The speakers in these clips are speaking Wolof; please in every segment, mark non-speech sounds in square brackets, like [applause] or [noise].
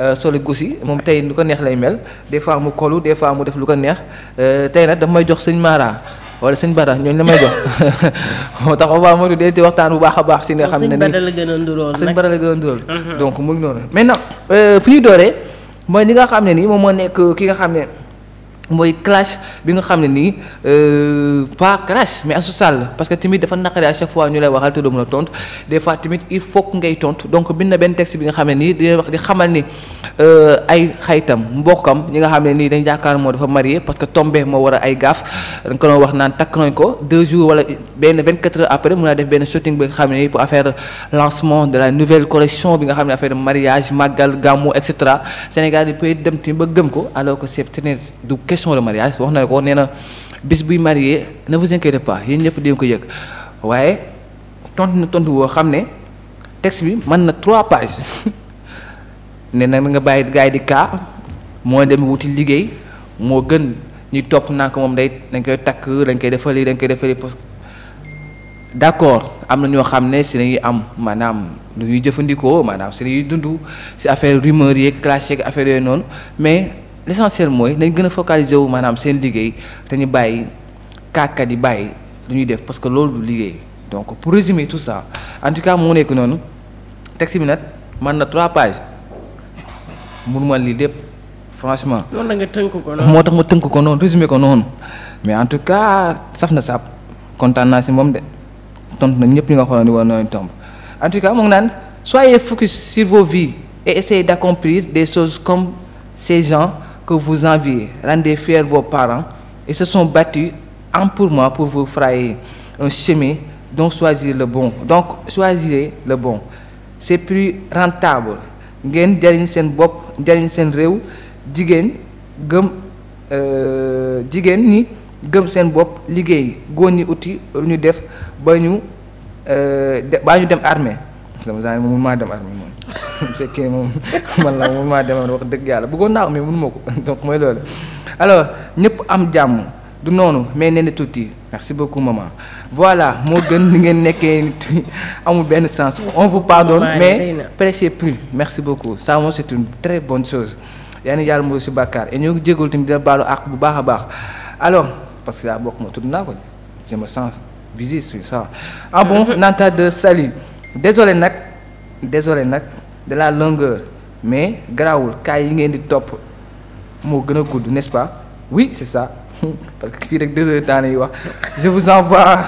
Euh, soli gusi moom tey lu ko neex lay mel des fois mu kolu des fois mu def lu ko neex euh, tey nag daf may jox sëñ Mara wala sëñ Bada ñooñu la may jox [laughs] moo tax waaw ma dee ci waxtaan bu baax a baax. si nga xam ne nii sëñ Bada la gën a ndurool a uh-huh. donc mu ngi noonu. maintenant euh, fi ñuy dooree mooy li nga xam ne nii moom moo nekk ki nga xam ne. mooy clash bi nga xam ne nii euh, pas clash mais Astou Sall parce que tamit dafa naqari à chaque fois ñu lay waxal te doo mën a tontu des fois tamit il faut que ngay tontu donc bind na benn texte bi nga xam ne nii euh, xam ne nii dañ yaakaar moo dafa marie parce que tombé moo war a ay gaaf dañ ko wax naan takk nañ ko deux jours wala benn 24 heures après mun naa def benn shooting bi nga xam ne nii pour affaire lancement de la nouvelle collection bi nga xam ne affaire mariage màggal gàmmu et cetera Sénégal yi peut dem tamit ba gëm ko alors question de mariage wax na ko nee na bis buy marié ne vous inquiétez pas yéen ñëpp di ko yëg waaye tontu na tontu woo xam ne texte bi mën na trois pages [laughs] ne nag nga bàyyi gars yi di kaa moo dem wuti liggéey moo gën ñuy topp naa ko moom day dañ koy takk dañ koy defali dañ koy defali parce que d'accord am na ñoo xam ne si lañuy am maanaam lu ñuy jëfandikoo maanaam si lañuy dund si affaire rumeur yeeg clash yeeg affaire yooyu noonu mais l'essentiel mooy nañ gën a focaliser wu maanaam seen liggéey te ñu bàyyi kàkkat yi bàyyi lu ñuy def parce que loolu du liggéey donc pour résumer tout sa en tout cas moo nekk noonu texte bi nag mën na trois pages mënuma lii lépp franchement. mën na nga tënk ko noonu. moo tax ma tënk ko noonu résumé ko noonu mais en tout cas saf na sàpp kontaan naa si moom de tontu ñëpp ñu nga xooloon ni war nañu tomb en naan soyez focus sur vos vies d'accomplir des choses comme ces que vous enviez. Rendez fiers vos parents. et se son battus en pour moi pour vous frayer un chemin dont choisir le bon. Donc choisissez le bon. C'est plus rentable. ngeen jariñ seen bopp jariñ seen réew jigéen gëm euh, jigéen ñi gëm seen bopp liggéey góor ñi uti lu ñu def ba ñu euh, baa ñu dem armée sama saa yi moom maa dem armée bu [laughs] fekkee moom [laughs] man la moom wax dëgg yàlla bëggoon naa ko mais mënu ma ko [laughs] donc mooy loolu alors ñëpp am jàmm du noonu mais nee na tuuti merci beaucoup maman voilà moo gën ni ngeen nekkee amul benn sens on vous pardonne mais prêchez plus merci beaucoup ça moom c'est une très bonne chose yaa ngi yàlla mooy si bàkkaar et ñoo ngi jégalu tamit dina baalu àq bu baax baax alors parce que daa bokk ma tudd naa ko je me sens busy sur ça ah bon nanta de salut désolé nag désolé nag de la longueur mais garaawul cas yi ngeen di topp moo gën a gudd n'est-ce pas oui c'est ça [laughs] parce que fii rek deux heures temps yi wax je vous envoie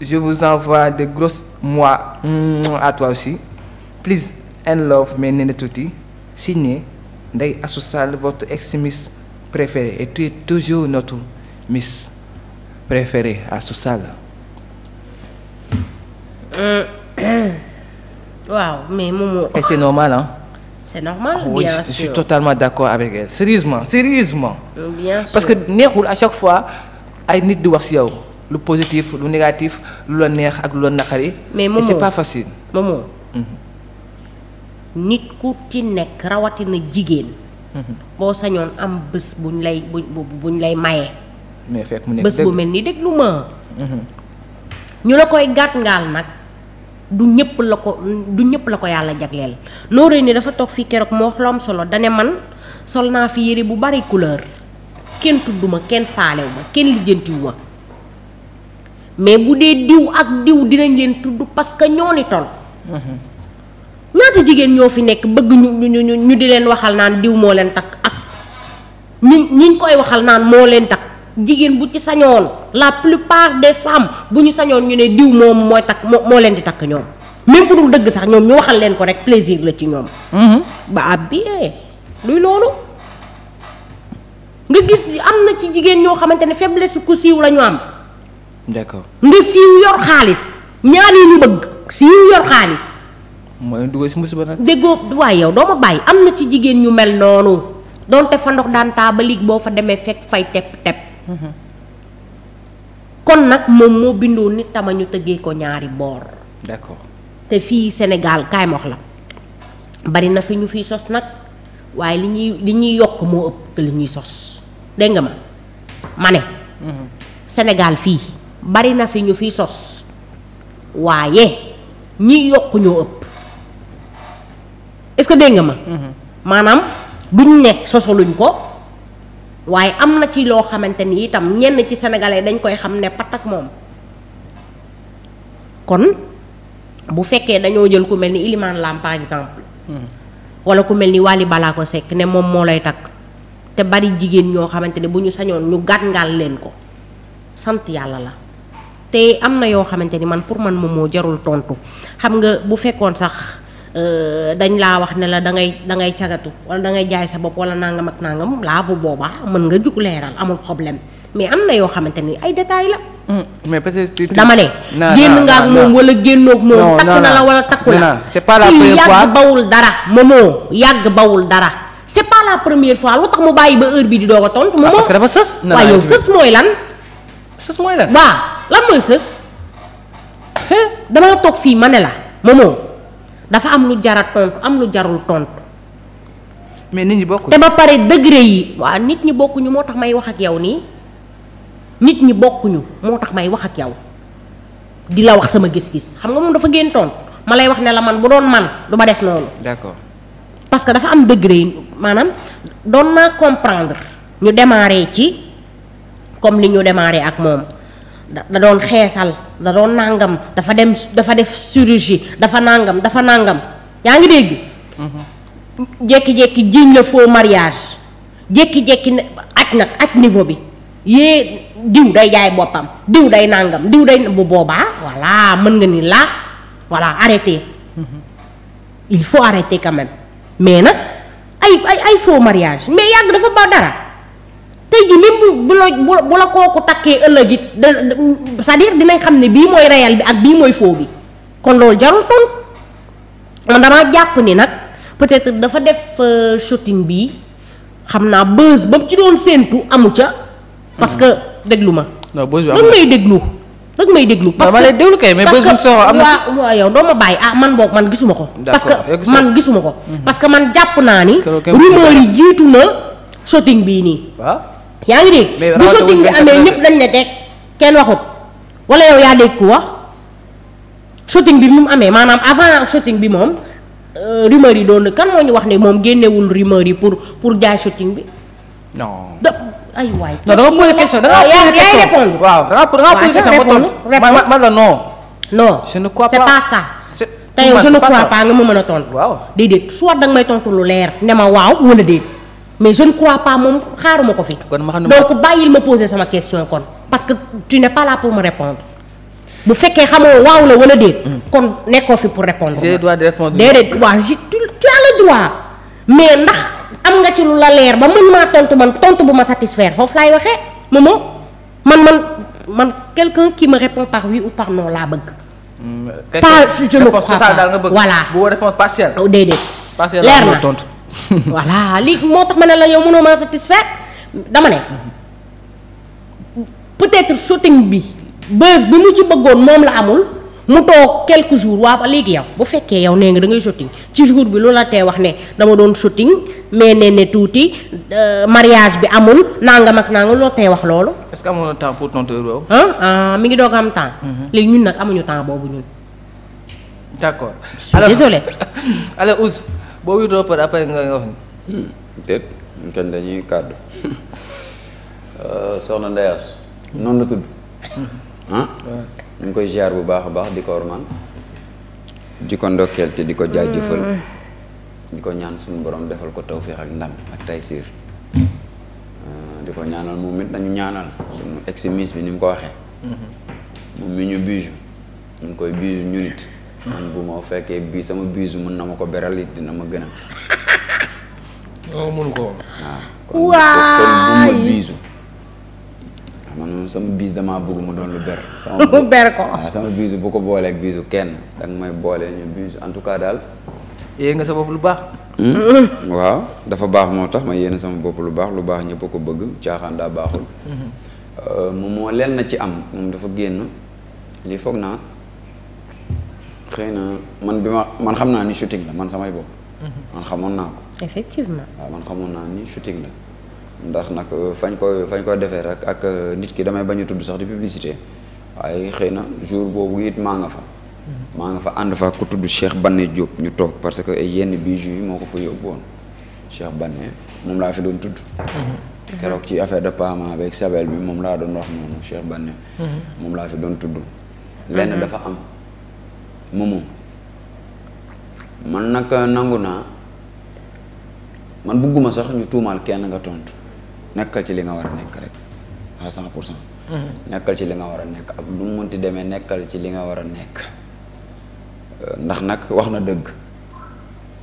je vous envoie des grosses mois mm, à toi aussi please and love mes Néné Tuuti signé Ndeye Astou Sall votre ex-miss préférée et tu toujours notre miss préférée Astou [clears throat] waaw mais Momo. et c'est normal hein. c'est normal ah oui, bien sûr je suis totalement d'accord avec elle sérieusement sérieusement. bien sûr parce que neexul à chaque fois ay nit di wax ci yow lu positif lu négatif lu la neex ak lu la naqari. mais Momo c'est pas mhm. nit ku ci nekk rawatina jigéen. Mhm. boo sañoon am bés buñ lay buñ lay maye. mais mu nekk bés bu mel ni déglu ma. Mhm. ñu la koy gàtt ngaal nag. du ñëpp la ko du ñëpp la ko yàlla jagleel nooree ni dafa toog fii keroog moo xolom solo dane man sol naa fi yére bu bari couleur kenn ma kenn faalewu ma kenn lijjantiwu ma mais bu dee diw ak diw dinañ leen tudd parce que ñoo ni tol mm-hmm. ñaata jigéen ñoo fi nekk bëgg ñu ñu ñu di leen waxal naan diw moo leen takk ak ñi ñiñ koy waxal naan moo leen takk jigéen bu ci sañoon la plupart des femmes bu ñu sañoon ñu ne diw moom mooy takk moo moo leen di takk ñoom dëgg sax ñoom ñu waxal leen ko rek plaisir la ci ñoom. Mm-hmm. ba ab ah, bi luy loolu. nga gis am na ci jigéen ñoo xamante ne faiblesse ku siiw la ñu am. d'accord nga siiw yor xaalis ñaar ñu bëgg siiw yor xaalis. mooy si musiba nag. déggoo waaye doo bàyyi am na ci jigéen ñu mel noonu donte fa ndox daan taa boo fa demee fekk fay tepp tepp. kon nag moom moo bindoon ni ñu tëggee ko ñaari boor. d'accord te fii Sénégal kaay ma la bari na fi ñu fi sos nag waaye li ñuy li ñuy yokk moo ëpp li ñuy sos dégg ma ma ne. Mhm. Sénégal fii bari na fi ñu fi sos waaye ñiy yokk ñoo ëpp est-ce que dégg ma. Mhm. maanaam duñ ne sosaluñ ko. waaye am na ci loo xamante ni itam ñenn ci sénégalais dañ koy xam ne pat moom kon bu fekkee dañoo jël ku mel ni Ilimane Lam par exemple. Hmm. wala ku mel ni wàlli balaa ko sekk ne moom moo lay takk te bari jigéen ñoo xamante ne bu ñu sañoon ñu gàngaal leen ko sant yàlla la te am na yoo xamante ni man pour man moom moo jarul tontu xam nga bu fekkoon sax. Euh, dañ laa wax ne la da ngay da ngay cagatu wala da ngay jaay sa bopp wala nangam ak nangam laa bu boobaa mën nga jug leeral amul problème mais am na yoo xamante ni ay détails la. Hmm, mais peut-être dama ne. génn nga ak moom wala génnoog moom. takk na la wala takku la. c'est pas la première fois yàgg dara. moomoo yàgg bawul dara. c'est première fois lu tax mu bàyyi ba heure bi di doog a tontu. Ah, moomoo parce que dafa sës. waaw yow sës mooy lan. sës mooy lan waaw lan mooy sës. damaa toog fii ma ne la moomoo. dafa am lu jara tontu am lu jarul tontu. mais nit ñi bokk te ba pare degré yi waaw nit ñi bokkuñu moo tax may wax ak yow nii nit ñi bokkuñu moo tax may wax ak yow di la wax sama gis-gis xam nga moom dafa génn tontu ma lay wax ne la man bu doon man du ma def noonu. d'accord parce que dafa am degré yi maanaam doon naa comprendre ñu démarré ci comme li ñu démarré ak moom. da doon xeesal da doon nàngam dafa dem dafa def chirurgie dafa nàngam dafa nàngam yaa ngi dégg. Mhm. jékki-jékki jiñ la faux mariage jékki-jékki ne aj nag aj niveau bi yée diw day jaay boppam diw day nàngam diw day bu boobaa voilà mën nga ni laa voilà arrêté mhm. il faut arrêter quand mais nag ay ay ay faux mariage mais yàgg dafa dara. tey ji lim bu bu la bu la kooku takkee ëllëg it da dinañ xam ne bii mooy réel bi ak bii mooy faux bi kon loolu jarul tontu man damaa jàpp ni nag peut-être dafa def euh, shooting bi xam naa buzz ba mu ci doon séentu amu ca. parce hmm. que déglu ma. non buzz bi am may déglu. dag may déglu parce que na waaw yow doo ma bàyyi ah man boog man gisuma ko. parce man gisuma ko. Hmm. que man jàpp naa ni. rumeur yi jiitu na shooting bii nii. yaa ngi dégg bu shooting bi amee ñëpp dañ ne dégg kenn waxut wala yow yaa dégg ku wax shooting bi mu mu amee maanaam avant shooting bi moom euh, rumeur yi doon kan moo ñu wax ne moom génnewul rumeur yi pour pour jaay shooting bi. non da ay waay. non da nga posé question question répondre ma man la non. non je ne crois pas c'est pas ça. tey nga ma mën a tontu. waaw déedéet soit da nga may tontu lu leer ne ma waaw wala déet. mais je ne crois pas moom xaaruma ko fi. donc bàyyil ma poser sama question kon parce que tu n'es pas là pour me répondre bu fekkee xamoo waaw la wala déet. Mm. kon nekkoo fi pour répondre. j'ai le droit de répondre tu tu as le droit mais ndax am nga ci lu la leer ba mën maa tontu man tontu bu ma satisfaire foofu laay waxee moom man man man quelqu'un qui me répond par oui ou par non laa bëgg. Mm, pas je ne crois pas voilà bu woo réponse partielle. Oh, déedéet leer na [laughs] voilà léegi moo tax ma ne la yow mënoo maa satisfaire dama ne peut-être shooting bi buzz bi mu ci bëggoon moom la amul mu toog quelques jours waa ba léegi yow bu fekkee yow nee nga da ngay shooting ci jour bi loola tee wax ne dama doon shooting mais ne ne tuuti euh, mariage bi amul nangam ak nangam loo tee wax loolu. est-ce que amoon na temps loolu. ah mi ngi doog am temps. Mhm. léegi ñun nag amuñu temps boobu ñun. d'accord [laughs] boobu witoo pare après nga wax ni hmm. déet kenn dañuy kàddu euh, soxna ndayaas noon la tudd hmm. ah ñu koy ziar bu baax a baax di ko ormaan di ko ndokkeel te di ko jaajëfal hmm. di ko ñaan suñu borom defal ko tawféex ak ndam ak taysiir euh, di ko ñaanal moom it dañu ñaanal suñu ex-miss bi ni mu ko waxee moom mi ñu biiju ñu ngi koy biiju ñu nit man bu ma fekkee bii sama biisu mën na ma ko beral it dina ma gën a. waaw mënu ko waaw ah, kon bu ma biisu. Ah, damaa bëgg mu doon lu ber. sama [laughs] bu ber ko waaw ah, sama biisu bu ko booleeg biisu kenn danga may boole ñu biisu en tout cas daal. yéen nga sa bopp lu baax. Hmm? waaw dafa baax moo tax ma yéene sama bopp lu baax lu baax ñépp ko bëgg caaxaan baaxul. Hmm. Euh, moom moo leen na ci am moom dafa génn lii foog naa. xëy na man bi ma man xam naa ni shooting la man samay bopp. Mhm. man xamoon naa ko. waaw man xamoon naa ni shooting la. ndax nag euh, fañ koy fañ koy defee rek ak euh, nit ki damay bañ tudd sax di publicité waaye xëy na jour boobu it maa nga fa. Mhm. maa nga fa ànd fa ku tudd Cheikh Bané Diop ñu toog parce que ay yenn bijoux yi moo ko fa yóbbu woon Cheikh moom laa fi doon tudd. Mhm. keroog ci affaire de paiement avec Sabel bi moom laa doon wax noonu Cheikh Bané. moom laa fi tudd. ma moom man nag nangu naa man bugguma sax ñu tuumaal kenn nga tontu nekkal ci li nga war a nekk mhm. ci li nga war a nekk ak lu mu munti demee nekkal ci li nga war a nekk euh, ndax nag wax na dëgg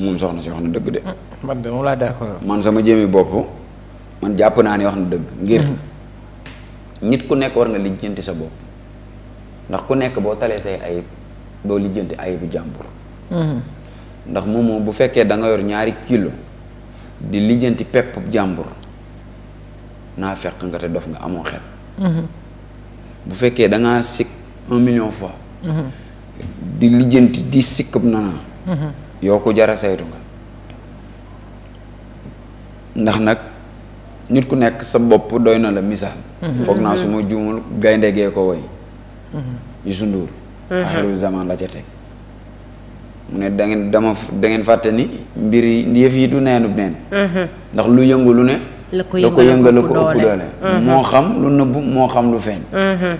moom soxna si wax na dëgg de. Hmm, man sama jëmi bopp man jàpp naa ni wax na dëgg. ngir hmm. nit ku nekk war nga lijjanti sa bopp ndax ku nekk boo talee say ayib. doo lijjanti ayibu jàmbur. Mhm. ndax moomoo bu fekkee danga yor ñaari kilo di lijjanti pepp jàmbur naa fekk nga te dof nga amoo xel. Mhm. bu fekkee da sikk un million fois. Mhm. di lijjanti di sikkub nanaa yoo ko jara saytu nga ndax nag nit ku nekk sa bopp doy na la misaal foog naa su ma juumul gee ko woy yu sunduur Mm-hmm. axiru zaman la ca teg mu ne da dama da fàtte ni mbir yi yëf yi du neenub neen mm-hmm. ndax lu yëngu lu ne la ko yëngal la ko ëpp doole mm-hmm. moo xam lu nëbb moo xam lu feeñ waaw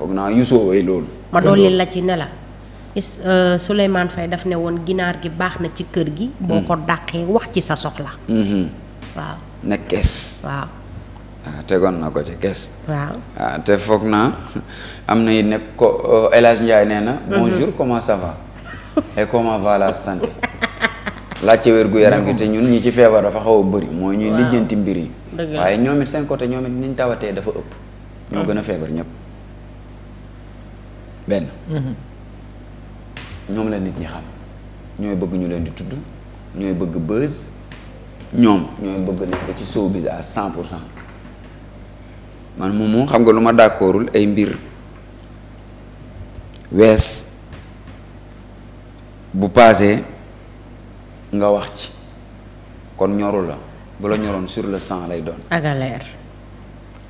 foog naa yusoo way loolu ma dolli la ci ne la is euh, Souleymane ne woon ginaar gi baax na ci kër gi boo mm. ko dàqee wax ci sa soxla waaw waaw Ah, tegoon na ko ci kees. waaw ah, te foog naa [laughs] am na yi nekk ko euh, El Hadj Ndiaye nee na. Mhm. bonjour comment ça va et comment va la santé. laajte wér gu yaram gi te ñun ñi ci feebar dafa xaw a bëri. mooy ñuy lijjanti mbir yi. waaye ñoom it seen côté ñoom it niñ tawatee dafa ëpp. ñoo mm. gën a feebar ñëpp benn. Mhm. ñoom la nit ñi xam ñooy bëgg ñu leen di tudd ñooy bëgg buzz ñoom ñooy bëgg nekk ci showbiz à cent pour cent. man moomu xam nga lu ma d'accordul ay mbir wees bu paasee nga wax ci kon ñoru la bu la ñoroon sur le sang lay doon. ak a leer.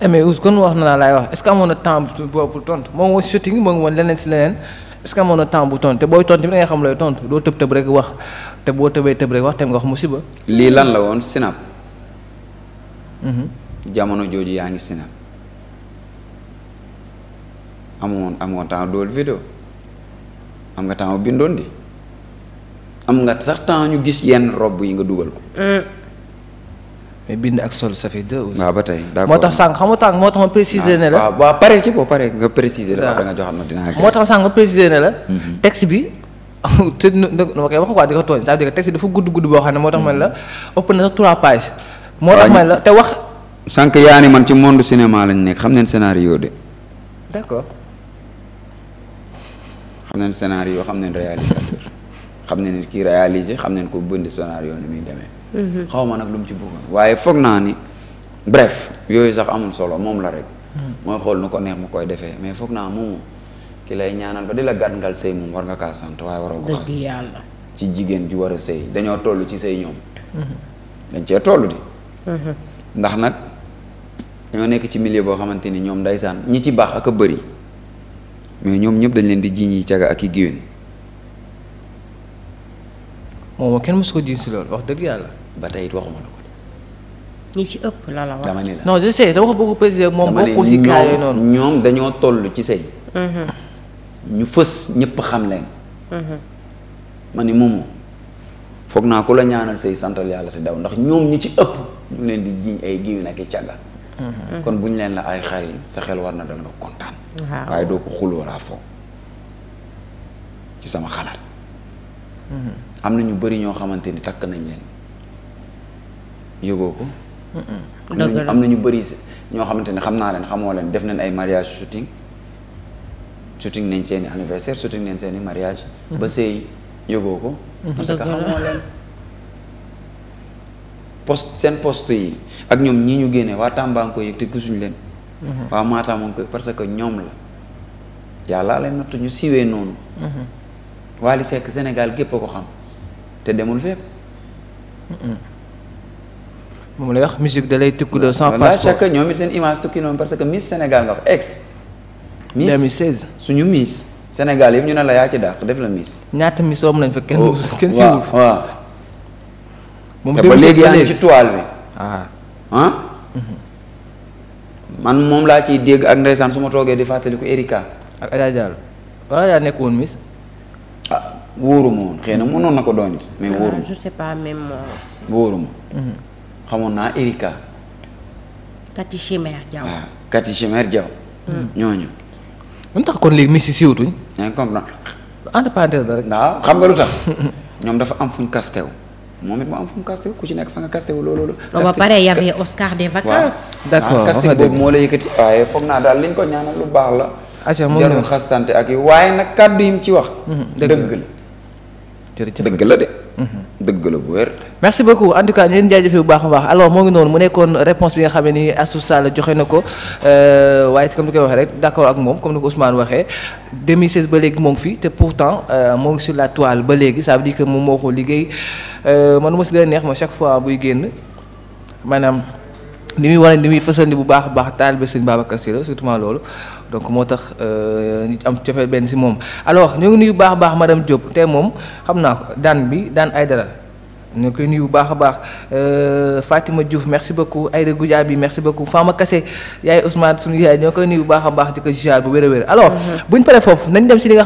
Eh, kon wax na laa laay wax est amoon na temps bu tontu moo ngi woon shooting moo ngi woon leneen si leneen est-ce que amoon na temps bu tontu te booy tontu bi da xam looy tontu doo tëb tëb rek wax te boo tëbee tëb rek wax te nga wax musiba. lii lan la woon sinap. Mhm. jamono jooju yaa ngi sinap. amoon amoon temps doolu vidéo am nga temps bindoon am nga sax temps ñu gis yenn robb yi nga dugal ko. Hmm. mais bind ak sol ça ba tey d'accord moo tax sànq xam nga tànk moo tax ma préciser ne la waaw waaw pare ci ko pare la. waaw da nga joxal ma dinaa. moo tax sànq la. Mhm. bi. [laughs] te nu ma koy wax quoi di ko tooñ c'est-à-dire dafa gudd gudd boo xam ne moo tax man la mhm. ëpp na sax trois pages. moo tax man la te wax. sànq yaa ni man ci monde cinéma lañ nekk xam neen scénario de. xam nañ scénario xam nañ réalisateur xam nañ ne kii réalisé xam nañ ko bënd scénario ni muy demee. Mhm. xaw ma nag lu mu ci bëggoon waaye foog naa ni bref yooyu sax amul solo moom la rek. Mhm. mooy xool nu ko neex mu koy defee mais foog naa moomu ki lay ñaanal ba di la gàngal sëy moom war nga kaa sant waaye waroo ko xas. ci jigéen ju war a sëy dañoo toll ci sëy ñoom. Mhm. dañ cee toll di. ndax nag ñoo nekk ci milieu boo xamante ni ñoom ndeysaan ñi ci baax ak a mais ñoom ñëpp dañ leen di jiiñ yi caga ak i géwén. moom oh, kenn mosu ko jiiñ si loolu wax dëgg yàlla. ba tey it waxuma la ko. ñi ci ëpp la la wax. dama ne la non je dama ko bëgg a préciser moom bokkul si gaa noonu ñoom dañoo toll ci sëy. Mm-hmm. ñu fës ñëpp xam leen. Mm-hmm. ma ni moomu foog naa ku la ñaanal sëy santal yàlla te daw ndax ñoom ñu ci ëpp ñu leen di jiiñ ay géwén ak i caga. Mhm. kon bu ñu leen la ay xar yi sa xel war na dem nga kontaan. waaye doo ko xul wala fo ci sama xalaat. Mhm. am na ñu bëri ñoo xamante ni takk nañ leen yëgoo ko. Mhm. am na ñu bari ñoo xamante ni xam naa leen xamoo leen def nañ ay mariage shooting shooting nañ seeni anniversaire shooting nañ seeni mariage. ba sëy yëgoo ko. parce que xamoo leen. poste seen post yi ak ñoom ñii ñu génne waa Tamba nga koy yëg te gisuñu leen. Mhm. waa Matam koy parce que ñoom la yàlla lay natt ñu siwee noonu. Mhm. li Seck Sénégal gépp a ko xam te demul fépp. Mhm. moom lay wax musique da lay tukkuloo sans passeport chaque ñoom it seen image tukki noonu parce que Miss Sénégal nga wax ex. Miss suñu Miss Sénégal yëpp ñu ne la yaa dàq def la Miss. ñaata Miss om nañ fa kenn oh, kenn siwul. moom te ba léegi yaa ngi ci toile bi. ah. ah? Mhm. man moom laa ciy dégg ak ndeysaan su ma toogee di fàttaliku Erika. ak Adja Diallo wala yaa nekk woon Miss. ah wóoru xëy na mënoon na ko doon mais ah, wóoru ma. je sais mhm. xamoon naa Erika. Kati Chimère Diaw. waaw ah, Kati hmm. tax kon léegi Miss yi siiwatuñ. yaa ngi comprendre. rek. waaw xam nga lu tax. [laughs] ñoom dafa am fuñ kastew. moom it mu am fu mu ku ci nekk fa nga casté wu loolu la. ba pare y avait Oscar des vacances. d'accord casté ah, boobu moo la yëkkati. waaye foog naa daal liñ ko ñaanal lu baax la. acca moom jarul xastante ak yi waaye nag kàddu yi mu ci wax. Mhm, dëgg la dëgg la de. dëgg la bu wér. merci beaucoup en tout cas ñu leen jaajëfee bu baax a baax alors moo ngi noonu mu nekkoon réponse bi nga xam ne nii Astou Sall joxe na ko euh, waaye comme ni koy waxee rek d' ak moom comme ni ko Ousmane waxee 2016 ba léegi moo ngi fi te pourtant euh, moo ngi sur la toile ba léegi sa veut dire que moom moo ko liggéey euh, man ma si gën a neex ma chaque fois buy génn maanaam. li muy wane li muy fasandi bu baax a baax taalibe sëñ Babacar Sy la surtout loolu donc moo tax euh, nit am cofeel benn si moom alors ñoo ngi nuyu baax a baax ma dem Diop te moom xam naa ko daan bi daan ay dara ñu koy nuyu bu baax a baax euh, Fatima Diouf merci beaucoup Aïda Goudia bi merci beaucoup Fama Kassé yaay Ousmane suñu yaay ñoo koy nuyu baax a baax di ko bu wér a wér alors mhm. buñ paree foofu nañ dem si li nga xam